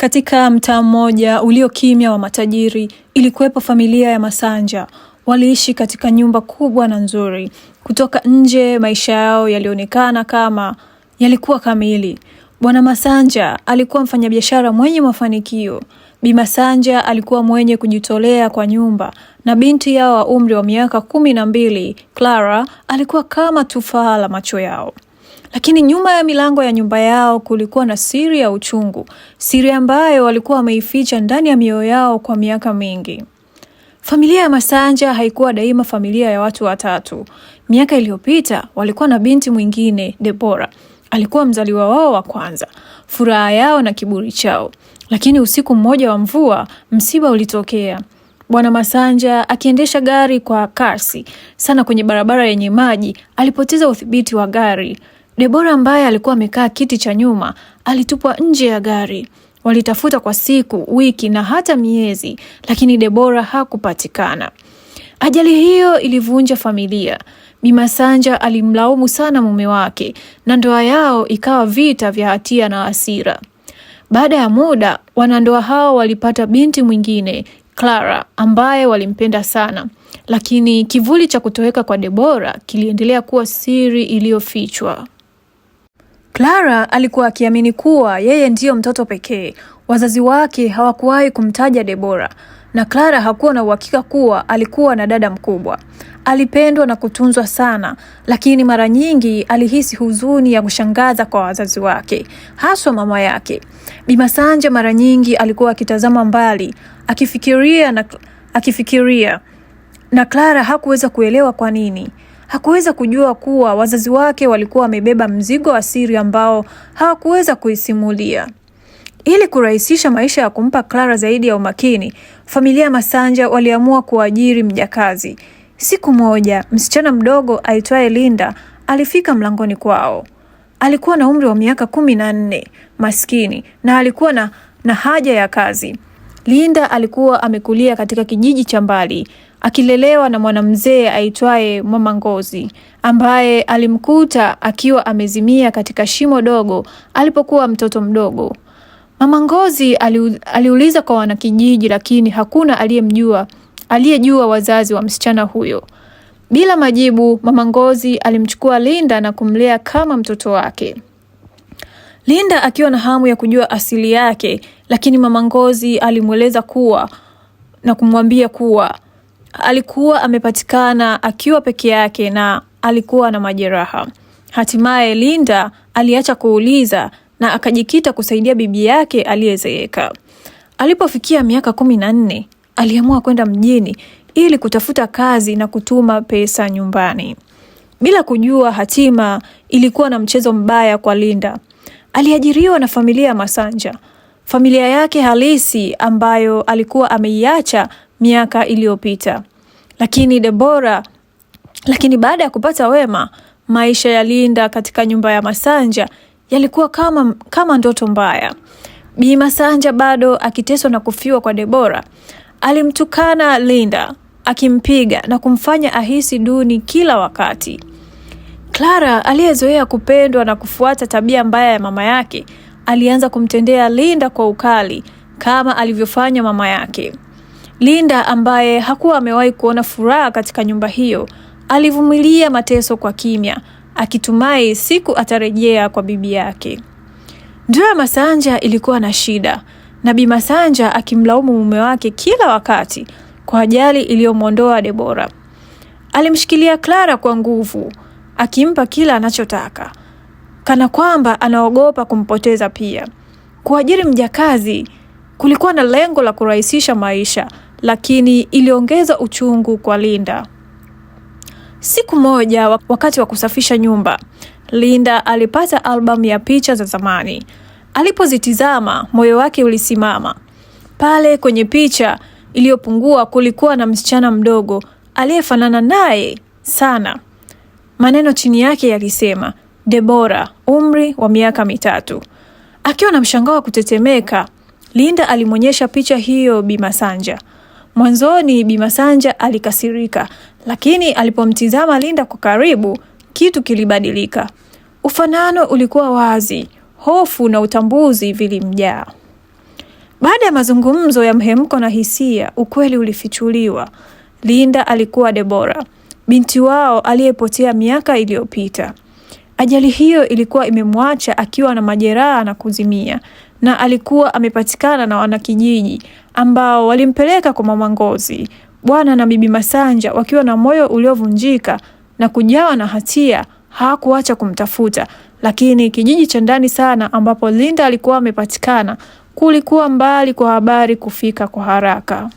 Katika mtaa mmoja uliokimya wa matajiri, ilikuwepo familia ya Masanja. Waliishi katika nyumba kubwa na nzuri. Kutoka nje, maisha yao yalionekana kama yalikuwa kamili. Bwana Masanja alikuwa mfanyabiashara mwenye mafanikio. Bi Masanja alikuwa mwenye kujitolea kwa nyumba, na binti yao wa umri wa miaka kumi na mbili, Clara, alikuwa kama tufaa la macho yao. Lakini nyuma ya milango ya nyumba yao kulikuwa na siri ya uchungu, siri ambayo walikuwa wameificha ndani ya mioyo yao kwa miaka mingi. Familia ya Masanja haikuwa daima familia ya watu watatu. Miaka iliyopita walikuwa na binti mwingine, Debora. Alikuwa mzaliwa wao wa kwanza, furaha yao na kiburi chao. Lakini usiku mmoja wa mvua, msiba ulitokea. Bwana Masanja akiendesha gari kwa kasi sana kwenye barabara yenye maji, alipoteza udhibiti wa gari. Debora ambaye alikuwa amekaa kiti cha nyuma alitupwa nje ya gari. Walitafuta kwa siku, wiki na hata miezi, lakini Debora hakupatikana. Ajali hiyo ilivunja familia. Bima Sanja alimlaumu sana mume wake na ndoa yao ikawa vita vya hatia na hasira. Baada ya muda, wanandoa hao walipata binti mwingine Clara, ambaye walimpenda sana, lakini kivuli cha kutoweka kwa Debora kiliendelea kuwa siri iliyofichwa. Clara alikuwa akiamini kuwa yeye ndiyo mtoto pekee. Wazazi wake hawakuwahi kumtaja Debora na Clara hakuwa na uhakika kuwa alikuwa na dada mkubwa. Alipendwa na kutunzwa sana, lakini mara nyingi alihisi huzuni ya kushangaza kwa wazazi wake, haswa mama yake. Bi Masanja mara nyingi alikuwa akitazama mbali, akifikiria na, akifikiria na Clara hakuweza kuelewa kwa nini hakuweza kujua kuwa wazazi wake walikuwa wamebeba mzigo wa siri ambao hawakuweza kuisimulia. Ili kurahisisha maisha ya kumpa Clara zaidi ya umakini, familia ya Masanja waliamua kuajiri mjakazi. Siku moja, msichana mdogo aitwaye Linda alifika mlangoni kwao. Alikuwa na umri wa miaka kumi na nne, maskini na alikuwa na, na haja ya kazi. Linda alikuwa amekulia katika kijiji cha mbali akilelewa na mwanamzee aitwaye Mama Ngozi ambaye alimkuta akiwa amezimia katika shimo dogo alipokuwa mtoto mdogo. Mama Ngozi aliuliza kwa wanakijiji lakini hakuna aliyemjua aliyejua wazazi wa msichana huyo. Bila majibu, Mama Ngozi alimchukua Linda na kumlea kama mtoto wake. Linda akiwa na hamu ya kujua asili yake lakini Mama Ngozi alimweleza kuwa na kumwambia kuwa alikuwa amepatikana akiwa peke yake na alikuwa na majeraha. Hatimaye Linda aliacha kuuliza na akajikita kusaidia bibi yake aliyezeeka. Alipofikia miaka kumi na nne aliamua kwenda mjini ili kutafuta kazi na kutuma pesa nyumbani. Bila kujua hatima ilikuwa na mchezo mbaya kwa Linda. Aliajiriwa na familia ya Masanja familia yake halisi ambayo alikuwa ameiacha miaka iliyopita. Lakini Debora, lakini baada ya kupata Wema, maisha ya Linda katika nyumba ya Masanja yalikuwa kama, kama ndoto mbaya. Bi Masanja bado akiteswa na kufiwa kwa Debora, alimtukana Linda akimpiga na kumfanya ahisi duni kila wakati. Clara aliyezoea kupendwa na kufuata tabia mbaya ya mama yake alianza kumtendea Linda kwa ukali kama alivyofanya mama yake. Linda ambaye hakuwa amewahi kuona furaha katika nyumba hiyo, alivumilia mateso kwa kimya, akitumai siku atarejea kwa bibi yake. Ndoa ya Masanja ilikuwa na shida, na Bi Masanja akimlaumu mume wake kila wakati kwa ajali iliyomwondoa Debora. Alimshikilia Clara kwa nguvu, akimpa kila anachotaka kana kwamba anaogopa kumpoteza pia. Kuajiri mjakazi kulikuwa na lengo la kurahisisha maisha, lakini iliongeza uchungu kwa Linda. Siku moja, wakati wa kusafisha nyumba, Linda alipata albamu ya picha za zamani. Alipozitizama, moyo wake ulisimama. Pale kwenye picha iliyopungua kulikuwa na msichana mdogo aliyefanana naye sana, maneno chini yake yalisema Debora, umri wa miaka mitatu. Akiwa na mshangao wa kutetemeka, Linda alimwonyesha picha hiyo Bi Masanja. Mwanzoni Bi Masanja alikasirika, lakini alipomtizama Linda kwa karibu, kitu kilibadilika. Ufanano ulikuwa wazi, hofu na utambuzi vilimjaa. Baada ya mazungumzo ya mhemko na hisia, ukweli ulifichuliwa. Linda alikuwa Debora, binti wao aliyepotea miaka iliyopita. Ajali hiyo ilikuwa imemwacha akiwa na majeraha na kuzimia, na alikuwa amepatikana na wanakijiji ambao walimpeleka kwa mama Ngozi. Bwana na bibi Masanja wakiwa na moyo uliovunjika na kujawa na hatia hawakuacha kumtafuta, lakini kijiji cha ndani sana ambapo Linda alikuwa amepatikana kulikuwa mbali kwa habari kufika kwa haraka.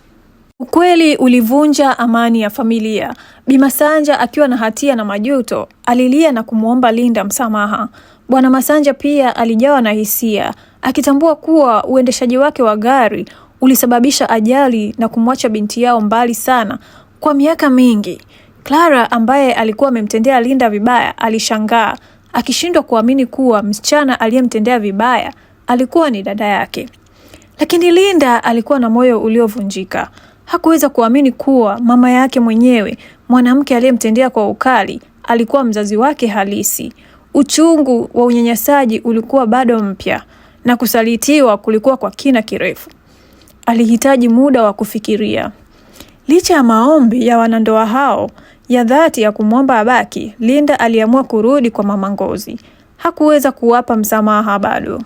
Ukweli ulivunja amani ya familia. Bi Masanja akiwa na hatia na majuto, alilia na kumwomba Linda msamaha. Bwana Masanja pia alijawa na hisia, akitambua kuwa uendeshaji wake wa gari ulisababisha ajali na kumwacha binti yao mbali sana kwa miaka mingi. Clara ambaye alikuwa amemtendea Linda vibaya alishangaa, akishindwa kuamini kuwa msichana aliyemtendea vibaya alikuwa ni dada yake. Lakini Linda alikuwa na moyo uliovunjika. Hakuweza kuamini kuwa mama yake mwenyewe, mwanamke aliyemtendea kwa ukali, alikuwa mzazi wake halisi. Uchungu wa unyanyasaji ulikuwa bado mpya na kusalitiwa kulikuwa kwa kina kirefu. Alihitaji muda wa kufikiria. Licha ya maombi ya wanandoa hao ya dhati ya kumwomba abaki, Linda aliamua kurudi kwa mama Ngozi. Hakuweza kuwapa msamaha bado.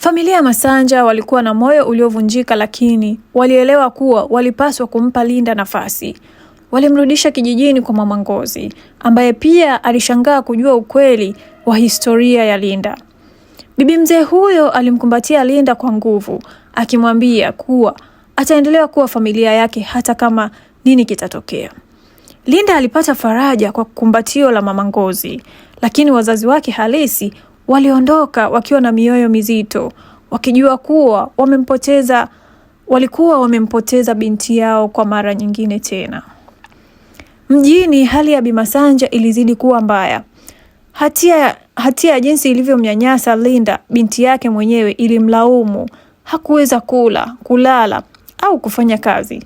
Familia ya Masanja walikuwa na moyo uliovunjika, lakini walielewa kuwa walipaswa kumpa Linda nafasi. Walimrudisha kijijini kwa Mama Ngozi, ambaye pia alishangaa kujua ukweli wa historia ya Linda. Bibi mzee huyo alimkumbatia Linda kwa nguvu, akimwambia kuwa ataendelea kuwa familia yake hata kama nini kitatokea. Linda alipata faraja kwa kumbatio la Mama Ngozi, lakini wazazi wake halisi Waliondoka wakiwa na mioyo mizito, wakijua kuwa wamempoteza, walikuwa wamempoteza binti yao kwa mara nyingine tena. Mjini hali ya Bimasanja ilizidi kuwa mbaya. Hatia, hatia ya jinsi ilivyomnyanyasa Linda binti yake mwenyewe ilimlaumu. Hakuweza kula, kulala au kufanya kazi.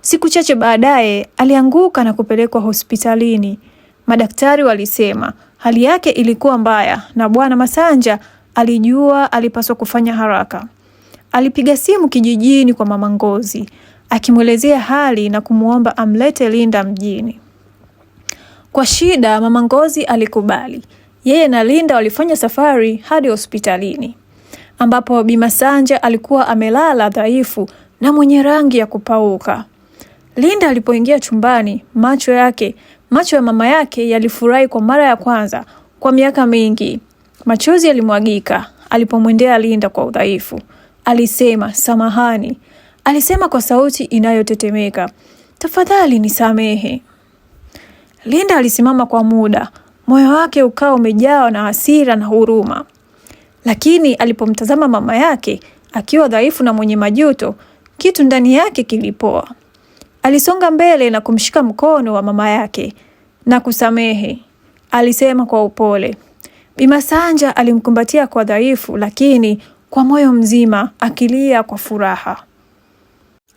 Siku chache baadaye alianguka na kupelekwa hospitalini. Madaktari walisema Hali yake ilikuwa mbaya na Bwana Masanja alijua alipaswa kufanya haraka. Alipiga simu kijijini kwa Mama Ngozi akimwelezea hali na kumwomba amlete Linda mjini. Kwa shida, Mama Ngozi alikubali. Yeye na Linda walifanya safari hadi hospitalini ambapo Bi Masanja alikuwa amelala dhaifu na mwenye rangi ya kupauka. Linda alipoingia chumbani, macho yake Macho ya mama yake yalifurahi kwa mara ya kwanza kwa miaka mingi. Machozi yalimwagika alipomwendea Linda kwa udhaifu. Alisema samahani, alisema kwa sauti inayotetemeka, tafadhali nisamehe. Linda alisimama kwa muda, moyo wake ukawa umejawa na hasira na huruma, lakini alipomtazama mama yake akiwa dhaifu na mwenye majuto, kitu ndani yake kilipoa. Alisonga mbele na kumshika mkono wa mama yake. na kusamehe, alisema kwa upole. Bima Sanja alimkumbatia kwa dhaifu, lakini kwa moyo mzima, akilia kwa furaha.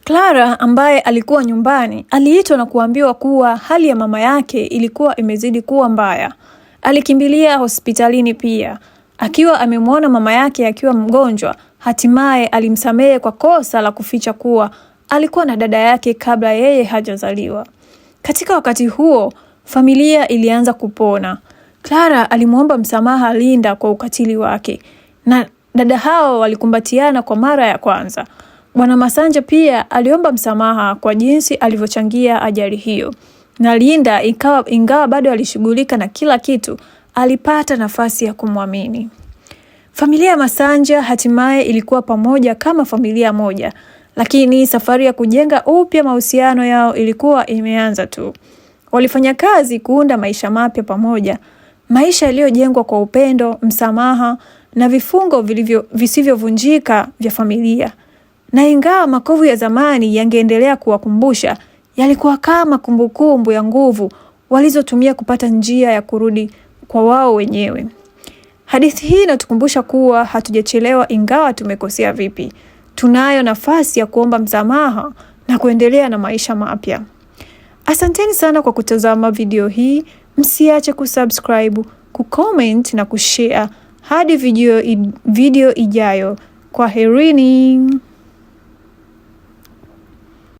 Clara ambaye alikuwa nyumbani aliitwa na kuambiwa kuwa hali ya mama yake ilikuwa imezidi kuwa mbaya. Alikimbilia hospitalini pia akiwa amemwona mama yake akiwa mgonjwa. Hatimaye alimsamehe kwa kosa la kuficha kuwa alikuwa na dada yake kabla yeye hajazaliwa. Katika wakati huo, familia ilianza kupona. Clara alimwomba msamaha Linda kwa ukatili wake na dada hao walikumbatiana kwa mara ya kwanza. Bwana Masanja pia aliomba msamaha kwa jinsi alivyochangia ajali hiyo, na Linda ikawa, ingawa bado alishughulika na kila kitu, alipata nafasi ya kumwamini. Familia ya Masanja hatimaye ilikuwa pamoja kama familia moja lakini safari ya kujenga upya mahusiano yao ilikuwa imeanza tu. Walifanya kazi kuunda maisha mapya pamoja, maisha yaliyojengwa kwa upendo, msamaha na vifungo vilivyo visivyovunjika vya familia. Na ingawa makovu ya zamani yangeendelea kuwakumbusha, yalikuwa kama kumbukumbu ya nguvu walizotumia kupata njia ya kurudi kwa wao wenyewe. Hadithi hii inatukumbusha kuwa hatujachelewa, ingawa tumekosea vipi tunayo nafasi ya kuomba msamaha na kuendelea na maisha mapya. Asanteni sana kwa kutazama video hii. Msiache kusubscribe, kucomment na kushare. Hadi video, video ijayo. Kwaherini.